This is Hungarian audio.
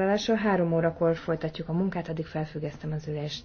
Állásra három órakor folytatjuk a munkát, addig felfüggesztem az ülést.